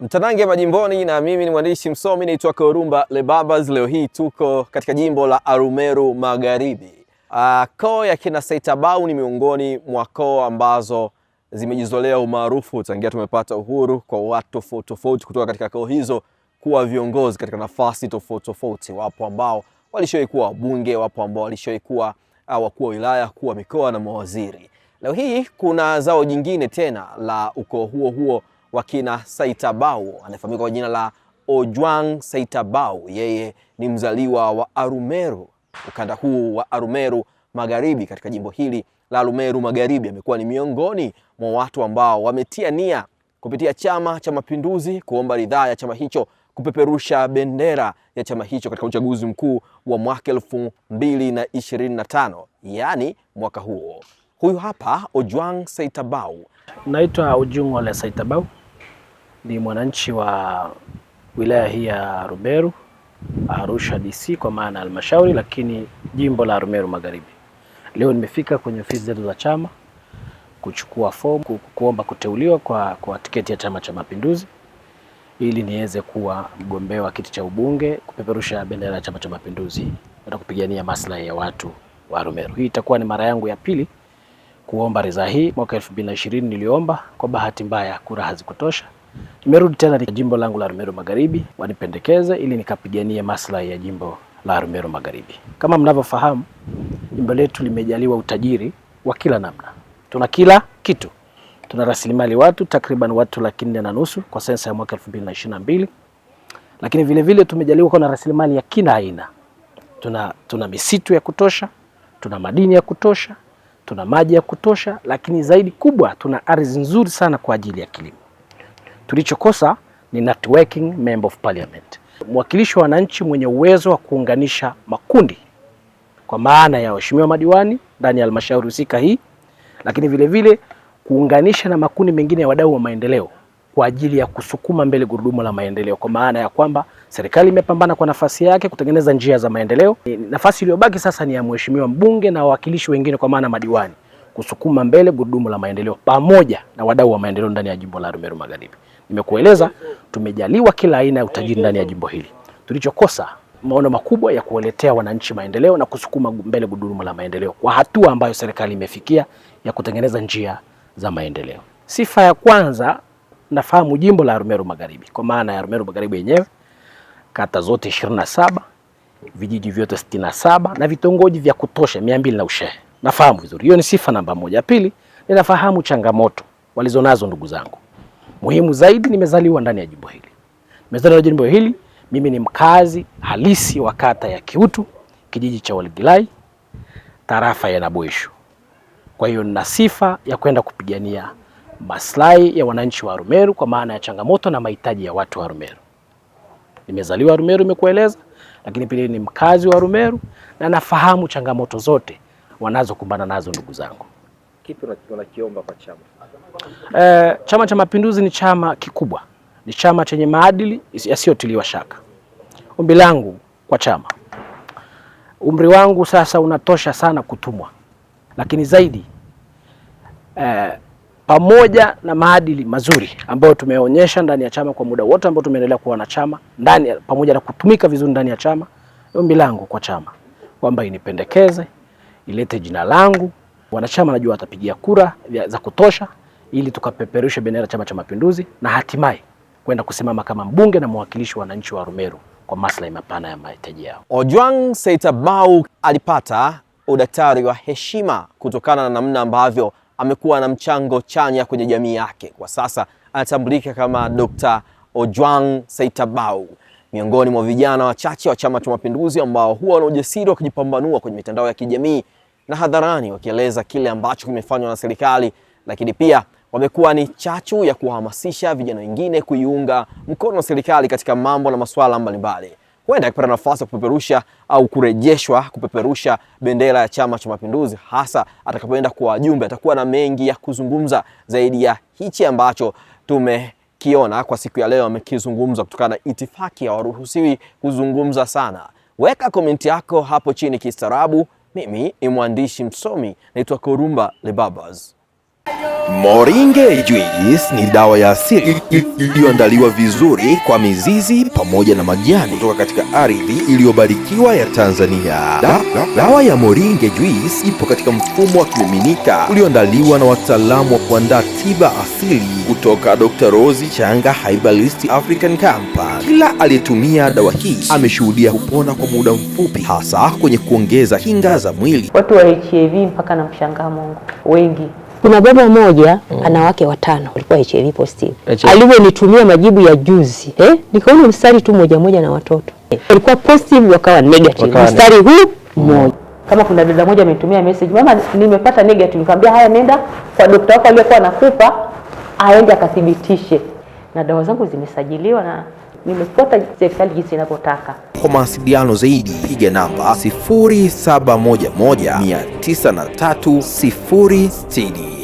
Mtanange majimboni na mimi ni mwandishi msomi naitwa Korumba Lebabas. Leo hii tuko katika jimbo la Arumeru Magharibi. Ah, koo ya kina Saitabau ni miongoni mwa koo ambazo zimejizolea umaarufu tangia tumepata uhuru kwa watu tofauti tofauti kutoka katika koo hizo kuwa viongozi katika nafasi tofauti tofauti. Wapo ambao walishawahi kuwa wabunge, wapo ambao walishawahi kuwa ah, wakuu wa wilaya, kuwa mikoa na mawaziri. Leo hii kuna zao jingine tena la ukoo huo huo wa kina Saitabau anafahamika kwa jina la Ojwang Saitabau. Yeye ni mzaliwa wa Arumeru, ukanda huu wa Arumeru Magharibi, katika jimbo hili la Arumeru Magharibi. Amekuwa ni miongoni mwa watu ambao wametia nia kupitia Chama cha Mapinduzi kuomba ridhaa ya chama hicho kupeperusha bendera ya chama hicho katika uchaguzi mkuu wa mwaka elfu mbili na ishirini na tano yaani mwaka huo. Huyu hapa Ojwang Saitabau. Naitwa Ojung Ole Saitabau, ni mwananchi wa wilaya hii ya Rumeru, Arusha DC kwa maana halmashauri, lakini jimbo la Rumeru Magharibi. Leo nimefika kwenye ofisi zetu za chama kuchukua fomu kuomba kuteuliwa kwa, kwa tiketi ya Chama cha Mapinduzi ili niweze kuwa mgombea wa kiti cha ubunge kupeperusha bendera ya Chama cha Mapinduzi na kupigania maslahi ya watu wa Rumeru. Hii itakuwa ni mara yangu ya pili kuomba ridhaa hii mwaka 2020 niliomba, kwa bahati mbaya kura hazikutosha. Nimerudi tena jimbo langu la Rumero Magharibi wanipendekeze ili nikapiganie maslahi ya jimbo la Rumero Magharibi. Kama mnavyofahamu, jimbo letu limejaliwa utajiri wa kila namna, tuna kila kitu. Tuna rasilimali watu takriban watu laki nne na nusu kwa sensa ya mwaka 2022, lakini vile vile tumejaliwa kuwa na rasilimali ya kila aina. Tuna, tuna misitu ya kutosha, tuna madini ya kutosha tuna maji ya kutosha, lakini zaidi kubwa tuna ardhi nzuri sana kwa ajili ya kilimo. Tulichokosa ni networking member of parliament, mwakilishi wa wananchi mwenye uwezo wa kuunganisha makundi kwa maana ya waheshimiwa madiwani ndani ya halmashauri husika hii, lakini vilevile vile, kuunganisha na makundi mengine ya wadau wa maendeleo kwa ajili ya kusukuma mbele gurudumu la maendeleo, kwa maana ya kwamba serikali imepambana kwa nafasi yake kutengeneza njia za maendeleo. E, nafasi iliyobaki sasa ni ya mheshimiwa mbunge na wawakilishi wengine, kwa maana madiwani, kusukuma mbele gurudumu la maendeleo pamoja na wadau wa maendeleo ndani ya jimbo la Arumeru Magharibi. Nimekueleza, tumejaliwa kila aina ya utajiri ndani ya jimbo hili. Tulichokosa maono makubwa ya kuwaletea wananchi maendeleo na kusukuma mbele gurudumu la maendeleo kwa hatua ambayo serikali imefikia ya kutengeneza njia za maendeleo. Sifa ya kwanza nafahamu jimbo la Arumeru Magharibi kwa maana ya Arumeru Magharibi yenyewe, kata zote 27, vijiji vyote 67 na vitongoji vya kutosha 200 na ushehe. Nafahamu vizuri. Hiyo ni sifa namba moja. Pili, ninafahamu changamoto walizonazo ndugu zangu. Muhimu zaidi, nimezaliwa ndani ya jimbo hili. Nimezaliwa ndani ya jimbo hili. Mimi ni mkazi halisi wa kata ya Kiutu, kijiji cha Waligilai, tarafa ya Nabweshu. Kwa hiyo nina sifa ya kwenda kupigania maslahi ya wananchi wa Rumeru kwa maana ya changamoto na mahitaji ya watu wa Rumeru. Nimezaliwa Rumeru, nimekueleza, lakini pili ni mkazi wa Rumeru na nafahamu changamoto zote wanazokumbana nazo ndugu zangu. Kipi unakiomba kwa chama? E, Chama cha Mapinduzi ni chama kikubwa, ni chama chenye maadili yasiyotiliwa shaka. Ombi langu kwa chama, umri wangu sasa unatosha sana kutumwa, lakini zaidi e, pamoja na maadili mazuri ambayo tumeonyesha ndani ya chama kwa muda wote ambao tumeendelea kuwa na chama ndani, pamoja na kutumika vizuri ndani ya chama. Ombi langu kwa chama kwamba inipendekeze, ilete jina langu. Wanachama najua watapigia kura za kutosha, ili tukapeperushe bendera Chama cha Mapinduzi na hatimaye kwenda kusimama kama mbunge na mwakilishi wa wananchi wa Arumeru kwa maslahi mapana ya mahitaji yao. Ojwang Saitabau alipata udaktari wa heshima kutokana na namna ambavyo amekuwa na mchango chanya kwenye jamii yake. Kwa sasa anatambulika kama Dr. Ojwang Saitabau, miongoni mwa vijana wachache wa Chama cha Mapinduzi ambao huwa na ujasiri wa kujipambanua kwenye mitandao ya kijamii na hadharani, wakieleza kile ambacho kimefanywa na serikali, lakini pia wamekuwa ni chachu ya kuwahamasisha vijana wengine kuiunga mkono serikali katika mambo na masuala mbalimbali huenda akipata nafasi ya kupeperusha au kurejeshwa kupeperusha bendera ya Chama cha Mapinduzi, hasa atakapoenda kwa wajumbe. Atakuwa na mengi ya kuzungumza zaidi ya hichi ambacho tume kiona kwa siku ya leo amekizungumza kutokana na itifaki, hawaruhusiwi kuzungumza sana. Weka komenti yako hapo chini kistaarabu. Mimi ni mwandishi msomi, naitwa korumba Lebabas. Moringe juice ni dawa ya asili iliyoandaliwa vizuri kwa mizizi pamoja na majani kutoka katika ardhi iliyobarikiwa ya Tanzania. Da, da, dawa ya Moringe juice ipo katika mfumo wa kimiminika ulioandaliwa na wataalamu wa kuandaa tiba asili kutoka Dr. Rose Changa Herbalist African Company. Kila aliyetumia dawa hii ameshuhudia kupona kwa muda mfupi, hasa kwenye kuongeza kinga za mwili. Watu wa HIV mpaka na mshangaa Mungu wengi kuna baba mmoja mm. ana wake watano walikuwa HIV positive. Alivyonitumia majibu ya juzi eh, nikaona mstari tu moja moja na watoto eh, walikuwa positive wakawa negative wakawa mstari huu mm. mmoja mm. Kama kuna dada moja ametumia message, mama, nimepata negative. Nikamwambia haya, nenda kwa dokta wako aliyekuwa anakupa aende akathibitishe, na dawa zangu zimesajiliwa na nimepata serikali jinsi inavyotaka. Kwa mawasiliano zaidi piga namba 0711 903 060.